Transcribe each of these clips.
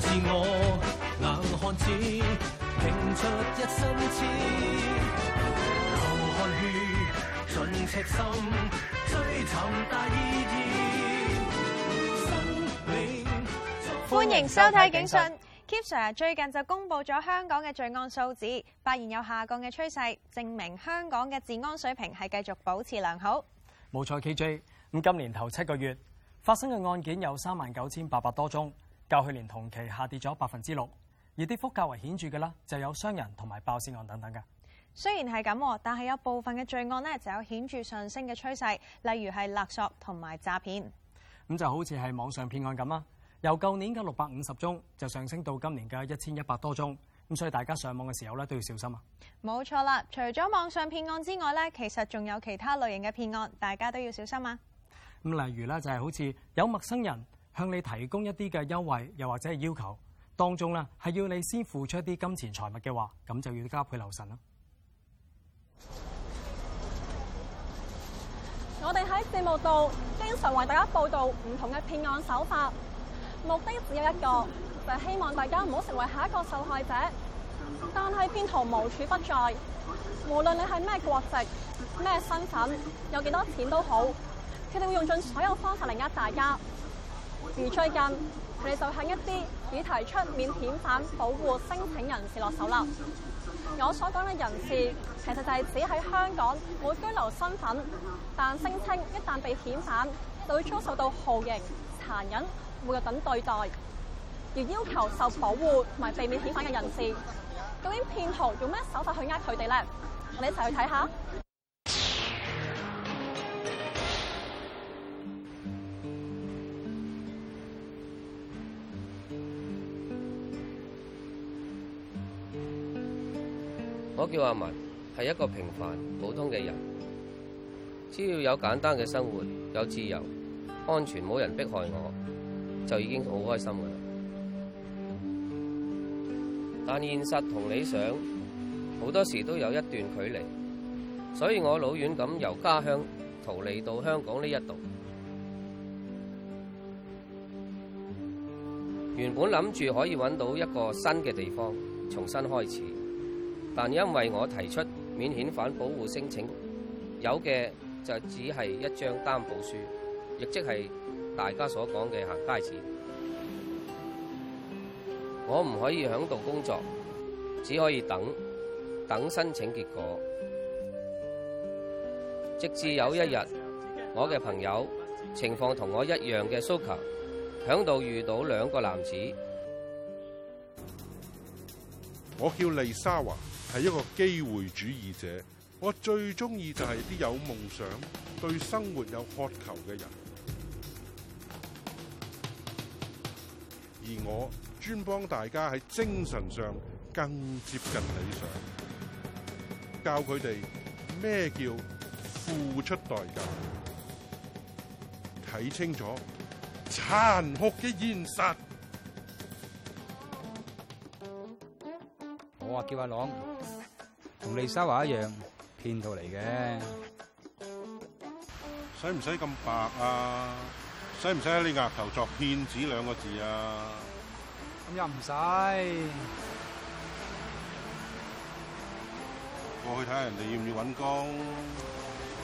歡迎收睇警訊。Kip Sir 最近就公布咗香港嘅罪案數字，發現有下降嘅趨勢，證明香港嘅治安水平係繼續保持良好。冇錯，KJ 咁今年頭七個月發生嘅案件有三萬九千八百多宗。較去年同期下跌咗百分之六，而跌幅較為顯著嘅啦，就有傷人同埋爆竊案等等嘅。雖然係咁，但係有部分嘅罪案咧就有顯著上升嘅趨勢，例如係勒索同埋詐騙。咁就好似係網上騙案咁啊，由舊年嘅六百五十宗就上升到今年嘅一千一百多宗。咁所以大家上網嘅時候咧都要小心啊。冇錯啦，除咗網上騙案之外咧，其實仲有其他類型嘅騙案，大家都要小心啊。咁例如啦，就係好似有陌生人。向你提供一啲嘅優惠，又或者係要求當中咧，係要你先付出一啲金錢財物嘅話，咁就要加倍留神啦。我哋喺節目度經常為大家報道唔同嘅騙案手法，目的只有一個，就係希望大家唔好成為下一個受害者。但係騙徒無處不在，無論你係咩國籍、咩身份、有幾多錢都好，佢哋會用盡所有方法嚟呃大家。而最近，佢哋就向一啲已提出免遣返保護申請人士落手啦。我所講嘅人士，其實就係指喺香港冇居留身份，但聲稱一旦被遣返，就會遭受到酷刑、殘忍、侮辱等對待，而要求受保護同埋避免遣返嘅人士。究竟騙徒用咩手法去呃佢哋咧？我哋一齊去睇下。我叫阿文，係一個平凡普通嘅人，只要有簡單嘅生活，有自由、安全，冇人迫害我，就已經好開心噶啦。但現實同理想好多時都有一段距離，所以我老遠咁由家鄉逃離到香港呢一度，原本諗住可以揾到一個新嘅地方，重新開始。但因為我提出免遣返保護申請，有嘅就只係一張擔保書，亦即係大家所講嘅行街紙。我唔可以響度工作，只可以等等申請結果，直至有一日，我嘅朋友情況同我一樣嘅蘇琴，響度遇到兩個男子。我叫麗莎華。係一個機會主義者，我最中意就係啲有夢想、對生活有渴求嘅人，而我專幫大家喺精神上更接近理想，教佢哋咩叫付出代價，睇清楚殘酷嘅現實。我叫阿朗，同尼莎華一樣，騙徒嚟嘅。使唔使咁白啊？使唔使喺你額頭作騙子兩個字啊？咁又唔使。過去睇下人哋要唔要揾工。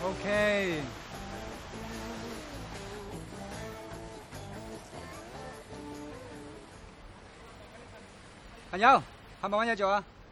OK。朋友，係咪揾嘢做啊？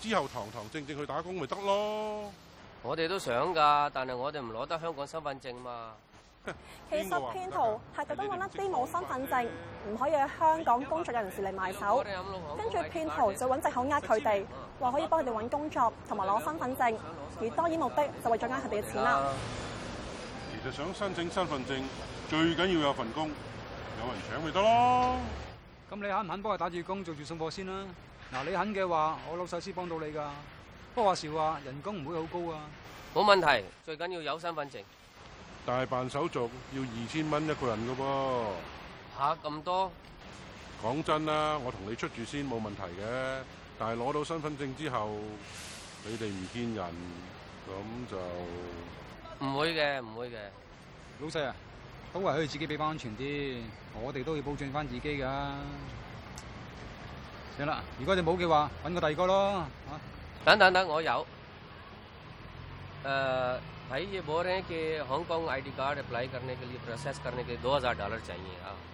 之後堂堂正正去打工咪得咯。我哋都想噶，但係我哋唔攞得香港身份證嘛。其實騙徒係特登搵一啲冇身份證唔可以喺香港工作嘅人士嚟埋手，跟住騙徒就揾借口呃佢哋，話可以幫佢哋揾工作同埋攞身份證，而當然目的就為咗呃佢哋嘅錢啦。其實想申請身份證最緊要有份工，有人請咪得咯。咁你肯唔肯幫佢打住工做住送貨先啦，啊？嗱，你肯嘅話，我老細先幫到你噶。不過話時話，人工唔會好高啊。冇問題，最緊要有身份證。但係辦手續要二千蚊一個人噶噃。吓、啊，咁多？講真啦，我同你出住先冇問題嘅。但係攞到身份證之後，你哋唔見人，咁就唔會嘅，唔會嘅。老細啊，都可以自己俾翻安全啲，我哋都要保障翻自己噶、啊。行啦！如果你冇嘅話，揾個第二個咯。等等等，我有。誒、呃，喺熱播呢？嘅香港 ID card apply 嘅呢個要 process 嘅兩千美元要啊。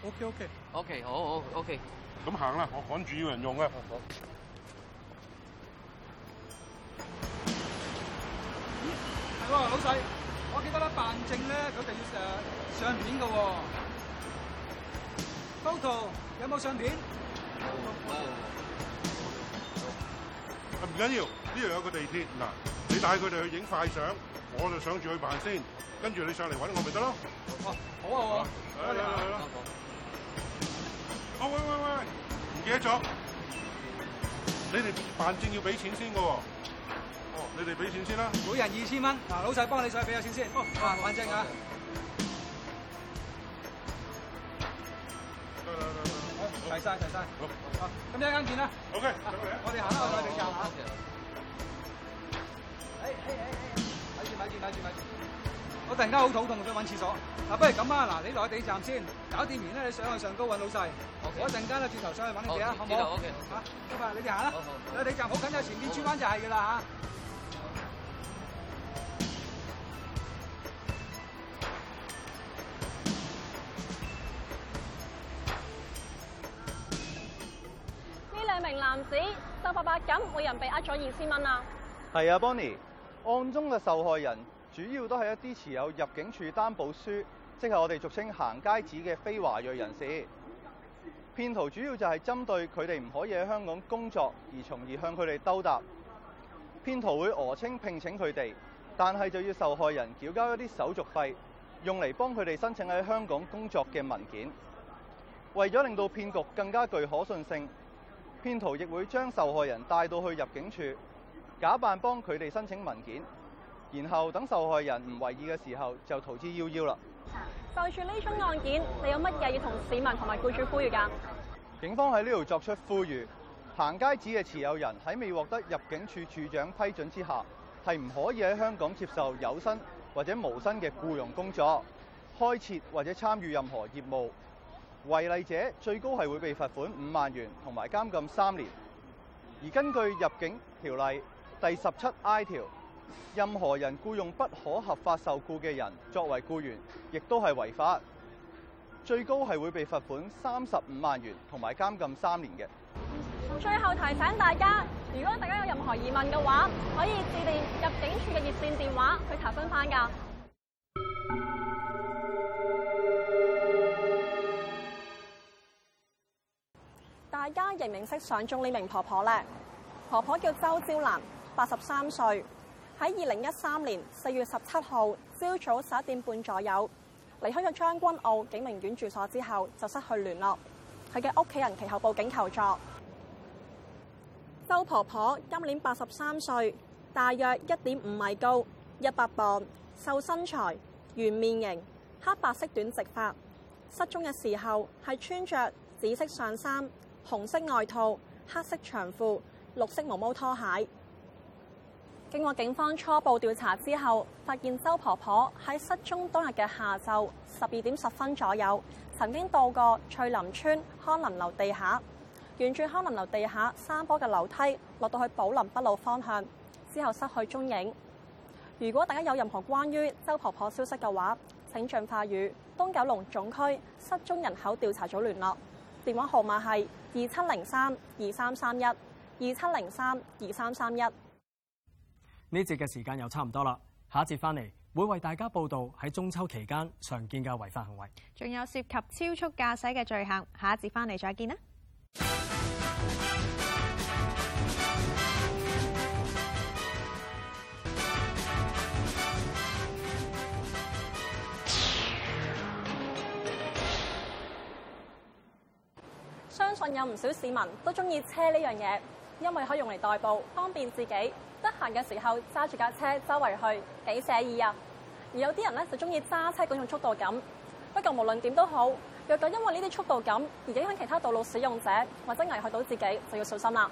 OK OK OK，好好 OK。咁行啦，我趕住要人用嘅。係喎、嗯，老細，我記得咧辦證咧佢就要誒相片嘅喎。Photo 有冇相片？唔緊要，呢度有個地鐵。嗱，你帶佢哋去影快相，我就上住去辦先，跟住你上嚟揾我咪得咯。哦，好啊，好啊。係啦，係啦。喂喂喂，唔記得咗？你哋辦證要俾錢先嘅喎。哦，你哋俾錢先啦。每人二千蚊，嗱，老細幫你再俾下錢先。哦，辦證啊！行哎哎哎哎，晒齊晒，好，咁一陣間見啦。O K，我哋行啦，我哋去地站嚇。睇住睇住睇住睇住，我突然間好肚痛，想揾廁所。嗱，不如咁啊，嗱，你落去地站先，搞掂完咧，你上去上高揾老細。我陣間轉頭上去揾你哋啊，好唔好？好，咁啊，你哋行啦。地站好近啊，前面轉彎就係噶啦嚇男子收八百咁，每人被呃咗二千蚊啊，係啊，Bonnie，案中嘅受害人主要都係一啲持有入境處擔保書，即係我哋俗稱行街紙嘅非華裔人士。騙徒主要就係針對佢哋唔可以喺香港工作而，從而向佢哋兜搭。騙徒會訛、呃、稱聘請佢哋，但係就要受害人繳交一啲手續費，用嚟幫佢哋申請喺香港工作嘅文件。為咗令到騙局更加具可信性。騙徒亦會將受害人帶到去入境處，假扮幫佢哋申請文件，然後等受害人唔為意嘅時候就逃之夭夭啦。就住呢宗案件，你有乜嘢要同市民同埋僱主呼籲㗎？警方喺呢度作出呼籲：行街紙嘅持有人喺未獲得入境處處長批准之下，係唔可以喺香港接受有薪或者無薪嘅僱傭工作、開設或者參與任何業務。違例者最高係會被罰款五萬元同埋監禁三年。而根據入境條例第十七 I 條，任何人僱用不可合法受僱嘅人作為僱員，亦都係違法，最高係會被罰款三十五萬元同埋監禁三年嘅。最後提醒大家，如果大家有任何疑問嘅話，可以致電入境處嘅熱線電話去查詢翻㗎。而家認認識上中呢名婆婆咧，婆婆叫周招蘭，八十三歲。喺二零一三年四月十七號朝早十一點半左右離開咗將軍澳景明苑住所之後，就失去聯絡。佢嘅屋企人其後報警求助。周婆婆今年八十三歲，大約一點五米高，一百磅，瘦身材，圓面型，黑白色短直髮。失蹤嘅時候係穿著紫色上衫。紅色外套、黑色長褲、綠色毛毛拖鞋。經過警方初步調查之後，發現周婆婆喺失蹤當日嘅下午十二點十分左右，曾經到過翠林村康林樓地下，沿住康林樓地下山坡嘅樓梯落到去寶林北路方向，之後失去蹤影。如果大家有任何關於周婆婆消息嘅話，請盡快與東九龍總區失蹤人口調查組聯絡。電話號碼係二七零三二三三一，二七零三二三三一。呢節嘅時間又差唔多啦，下一節翻嚟會為大家報道喺中秋期間常見嘅違法行為，仲有涉及超速駕駛嘅罪行。下一節翻嚟再見啦。相信有唔少市民都中意車呢樣嘢，因為可以用嚟代步，方便自己。得閒嘅時候揸住架車周圍去，幾寫意啊！而有啲人咧就中意揸車嗰種速度感。不過，無論點都好，若果因為呢啲速度感而影響其他道路使用者，或者危害到自己，就要小心啦。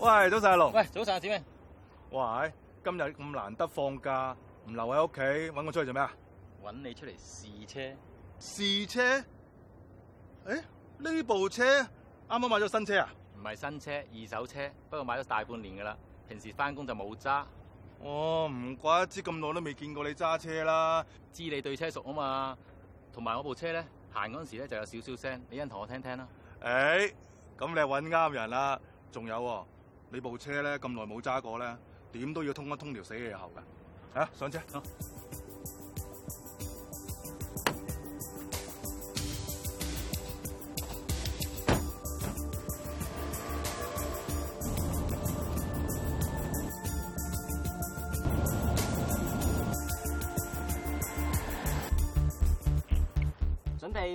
喂，早晨，阿龍。喂，早晨阿子明。喂！今日咁難得放假，唔留喺屋企，揾我出去做咩啊？搵你出嚟試車，試車？誒，呢部車啱啱買咗新車啊？唔係新車，二手車，不過買咗大半年噶啦。平時翻工就冇揸。哦，唔怪之咁耐都未見過你揸車啦。知你對車熟啊嘛。同埋我部車咧，行嗰時咧就有少少聲，你一陣同我聽聽啦。誒、哎，咁你係搵啱人啦。仲有，你部車咧咁耐冇揸過咧，點都要通一通條死氣喉噶。吓、啊，上車，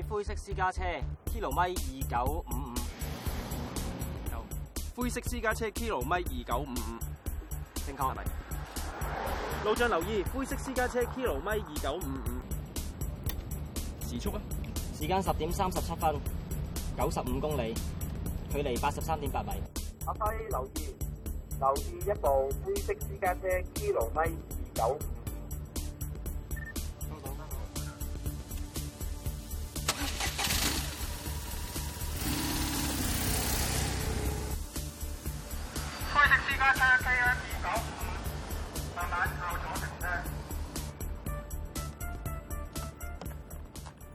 灰色私家車 Kilo 米二九五五。灰色私家車 Kilo 米二九五五。乘客，路障留意灰色私家車 Kilo 米二九五五。時速啊，時間十點三十七分，九十五公里，距離八十三點八米。阿輝、啊，留意留意一部灰色私家車 Kilo 米二九。司機二九五，慢慢靠左停啦。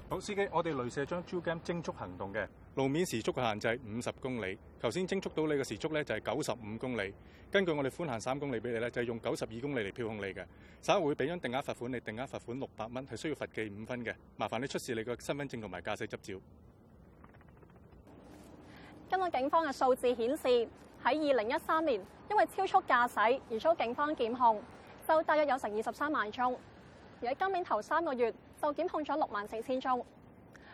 好，司機，我哋雷射將 JU g a m 精速行動嘅路面時速限制五十公里。頭先精速到你嘅時速咧就係九十五公里。根據我哋寬限三公里俾你咧，就係用九十二公里嚟票控你嘅。稍後會俾張定額罰款，你定額罰款六百蚊，係需要罰記五分嘅。麻煩你出示你嘅身份證同埋駕駛執照。根據警方嘅數字顯示，喺二零一三年，因為超速駕駛而遭警方檢控，就大約有成二十三萬宗。而喺今年頭三個月，就檢控咗六萬四千宗。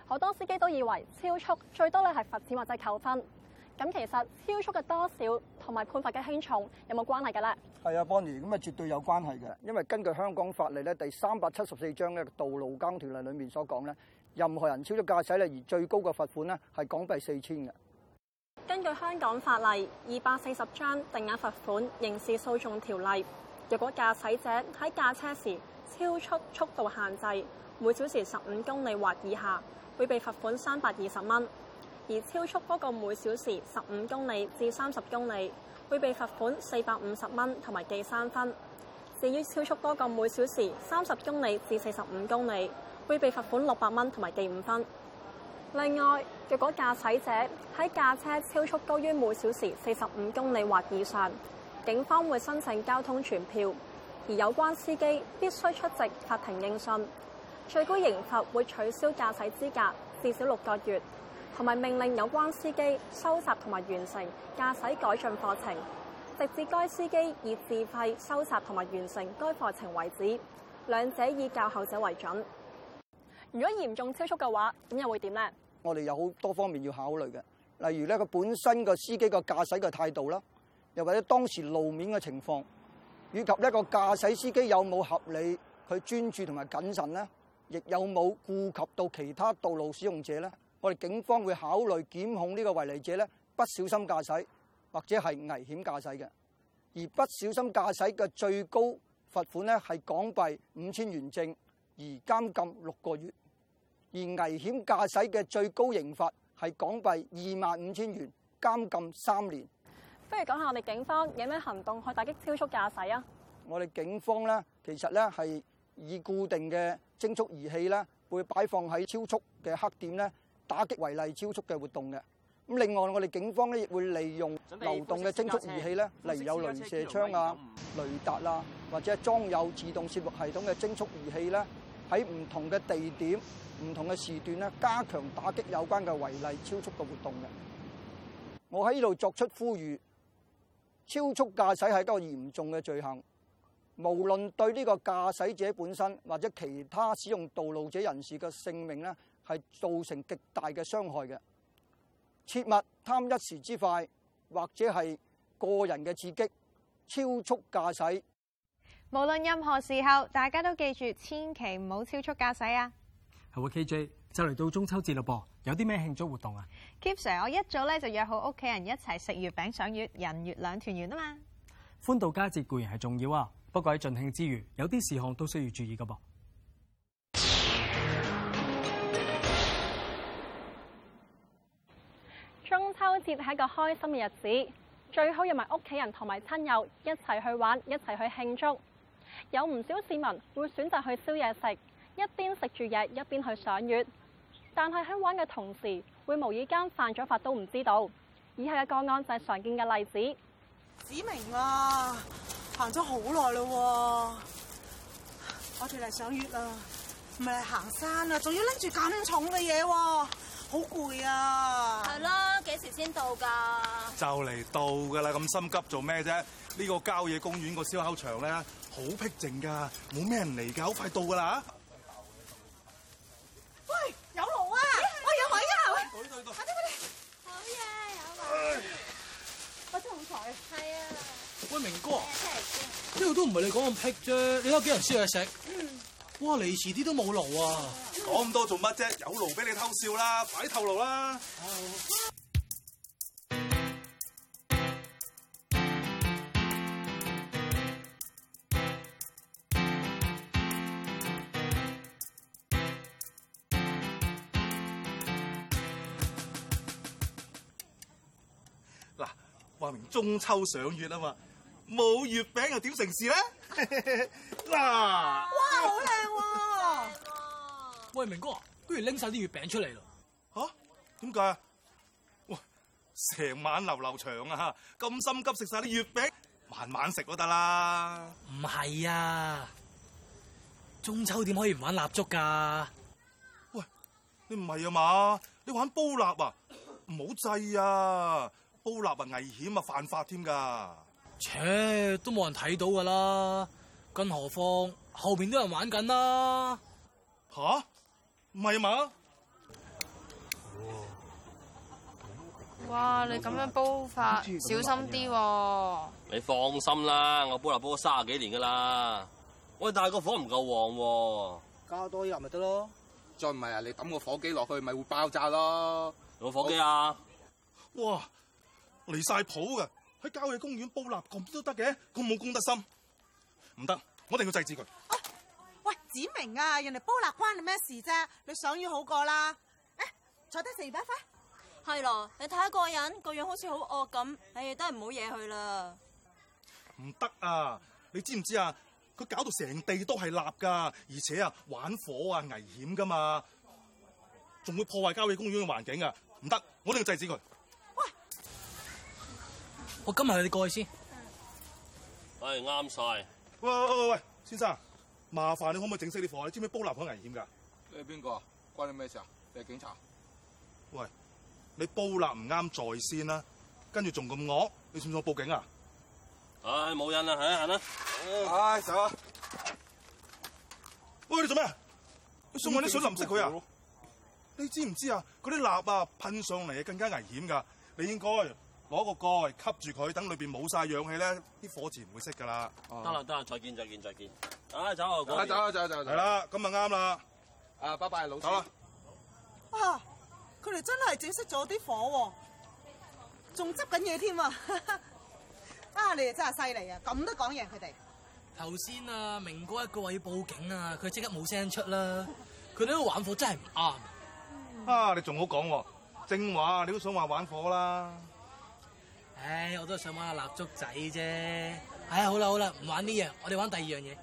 好多司機都以為超速最多咧係罰錢或者扣分。咁其實超速嘅多少同埋判罰嘅輕重有冇關係㗎咧？係啊，Bonnie，咁啊絕對有關係嘅。因為根據香港法例咧第三百七十四章嘅道路交通條例裏面所講咧，任何人超速駕駛咧，而最高嘅罰款咧係港幣四千嘅。根據香港法例二百四十章《定額罰款刑事訴訟條例》，若果駕駛者喺駕車時超出速度限制每小時十五公里或以下，會被罰款三百二十蚊；而超速多過每小時十五公里至三十公里，會被罰款四百五十蚊同埋記三分；至於超速多過每小時三十公里至四十五公里，會被罰款六百蚊同埋記五分。另外，若果駕駛者喺駕車超速高於每小時四十五公里或以上，警方會申請交通傳票，而有關司機必須出席法庭應訊。最高刑罰會取消駕駛資格至少六個月，同埋命令有關司機收集同埋完成駕駛改進課程，直至該司機以自費收集同埋完成該課程為止，兩者以較後者為準。如果嚴重超速嘅話，咁又會點呢？我哋有好多方面要考慮嘅，例如咧，佢本身個司機個駕駛嘅態度啦，又或者當時路面嘅情況，以及一個駕駛司機有冇合理去專注同埋謹慎咧，亦有冇顧及到其他道路使用者咧。我哋警方會考慮檢控呢個違例者咧，不小心駕駛或者係危險駕駛嘅，而不小心駕駛嘅最高罰款咧係港幣五千元正，而監禁六個月。而危險駕駛嘅最高刑罰係港幣二萬五千元，監禁三年。不如講下我哋警方有咩行動去打擊超速駕駛啊？我哋警方咧，其實咧係以固定嘅偵速儀器咧，會擺放喺超速嘅黑點咧，打擊違例超速嘅活動嘅。咁另外，我哋警方咧亦會利用流動嘅偵速儀器咧，例如有雷射槍啊、雷達啊，或者裝有自動攝錄系統嘅偵速儀器咧。喺唔同嘅地點、唔同嘅時段咧，加強打擊有關嘅違例超速嘅活動嘅。我喺呢度作出呼籲：超速駕駛係一個嚴重嘅罪行，無論對呢個駕駛者本身或者其他使用道路者人士嘅性命咧，係造成極大嘅傷害嘅。切勿貪一時之快，或者係個人嘅刺激，超速駕駛。無論任何時候，大家都記住，千祈唔好超速駕駛啊！係喎，KJ 就嚟到中秋節嘞噃，有啲咩慶祝活動啊？Keep Sir，我一早咧就約好屋企人一齊食月餅、賞月，人月兩團圓啊嘛！歡度佳節固然係重要啊，不過喺盡興之餘，有啲事項都需要注意噶噃啊。中秋節係一個開心嘅日子，最好約埋屋企人同埋親友一齊去玩，一齊去慶祝。有唔少市民會選擇去宵夜食，一邊食住嘢一邊去賞月。但係喺玩嘅同時，會無意間犯咗法都唔知道，以下嘅個案就係常見嘅例子。子明啊，行咗好耐咯，我哋嚟賞月啊，唔係嚟行山啊，仲要拎住咁重嘅嘢喎，好攰啊！係啦，啊，幾時先到㗎？就嚟到㗎啦，咁心急做咩啫？呢個郊野公園個燒烤場咧，好僻靜㗎，冇咩人嚟㗎，好快到㗎啦！喂，有爐啊！喂，有位啊！快啲，快啲，好嘢！有位，快啲好彩！係啊，喂，明哥，呢度都唔係你講咁僻啫，你得幾人燒去食？嗯！哇，嚟遲啲都冇爐啊！講咁多做乜啫？有爐俾你偷笑啦，快偷爐啦！話明中秋賞月啊嘛，冇月餅又點成事咧？嗱、 嗯，哇，好靚喎！喂，明哥，居然拎晒啲月餅出嚟咯？吓，點解？喂，成晚流流長啊吓，咁心急食晒啲月餅，慢慢食都得啦。唔係啊，中秋點可以唔玩蠟燭噶？喂，你唔係啊嘛？你玩煲蠟啊？唔好制啊！煲臘肉危險啊，犯法添噶，切都冇人睇到噶啦，更何況後邊都有人玩緊啦。吓、啊？唔係啊嘛？哇！哇你咁樣煲法，的的小心啲、啊。你放心啦，我煲臘煲咗卅幾年噶啦。我但係、啊、個火唔夠旺喎，加多啲油咪得咯。再唔係啊，你抌個火機落去咪會爆炸咯。攞有有火機啊！哇！離晒譜噶喺郊野公園煲蠟，咁都得嘅？咁冇公德心，唔得，我一定要制止佢，啊。喂，子明啊，人哋煲蠟關你咩事啫？你想要好過啦，誒、哎，坐低食二百塊。係咯，你睇下嗰個人，個樣好似好惡咁，哎，都係唔好惹佢啦。唔得啊！你知唔知啊？佢搞到成地都係蠟噶，而且啊，玩火啊，危險噶嘛，仲會破壞郊野公園嘅環境啊！唔得，我一定要制止佢。我今日去你過去先。哎、喂，啱晒。喂喂喂喂，先生，麻煩你可唔可以整熄啲火？你知唔知煲蠟好危險噶？你係邊個、啊？關你咩事啊？你係警察？喂，你煲蠟唔啱在先啦、啊，跟住仲咁惡，你算唔算報警啊？唉、哎，冇人啦、啊，行啦、啊。行啊、哎，成啊！喂，你做咩？你送我啲水淋熄佢啊？你知唔知啊？嗰啲蠟啊，噴上嚟啊，更加危險噶，你應該。攞個蓋吸住佢，等裏邊冇晒氧氣咧，啲火自然唔會熄㗎啦。得啦得啦，再見再見再見。啊，走啊，走走走係啦，咁啊，啱啦。啊拜拜，老豆！好走。哇！佢哋真係整熄咗啲火喎，仲執緊嘢添啊！啊，啊， 啊，你哋真係犀利啊！咁都講贏佢哋。頭先啊，明哥一句話要報警啊，佢即刻冇聲出、啊、啦。佢喺度玩火真係唔啱。啊，你仲好講、啊、正話，你都想話玩火啦、啊。唉，我都想玩下蠟燭仔啫。唉，好啦好啦，唔玩呢樣，我哋玩第二樣嘢。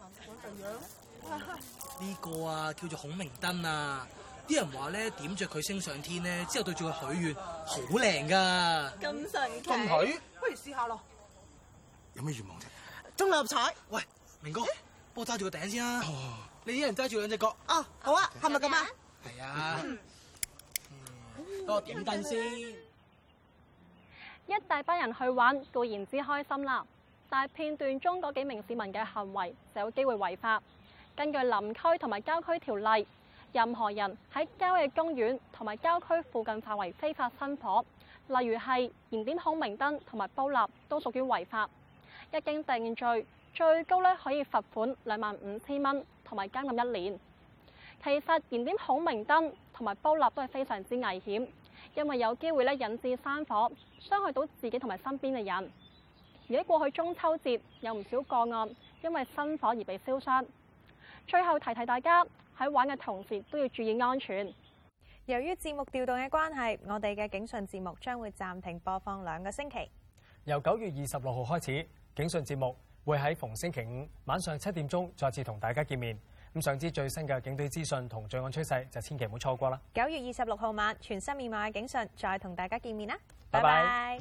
玩第二樣？呢個啊，叫做孔明燈啊。啲人話咧，點着佢升上天咧，之後對住佢許願，好靚噶。咁神奇？咁許不如試下咯。有咩願望啫？中六合彩。喂，明哥，幫我揸住個頂先啊！你一人揸住兩隻角。啊，好啊，係咪咁啊？係啊。幫我點燈先。一大班人去玩固然之開心啦，但係片段中嗰幾名市民嘅行為就有機會違法。根據林區同埋郊區條例，任何人喺郊野公園同埋郊區附近範圍非法生火，例如係燃點孔明燈同埋煲蠟，都屬於違法。一經定罪，最高咧可以罰款兩萬五千蚊同埋監禁一年。其實燃點孔明燈同埋煲蠟都係非常之危險。因為有機會咧引致山火，傷害到自己同埋身邊嘅人。而喺過去中秋節，有唔少個案因為生火而被燒傷。最後提提大家喺玩嘅同時都要注意安全。由於節目調動嘅關係，我哋嘅警訊節目將會暫停播放兩個星期。由九月二十六號開始，警訊節目會喺逢星期五晚上七點鐘再次同大家見面。咁想知最新嘅警隊資訊同罪案趨勢，就千祈唔好錯過啦！九月二十六號晚全新面貌嘅警訊，再同大家見面啦！拜拜。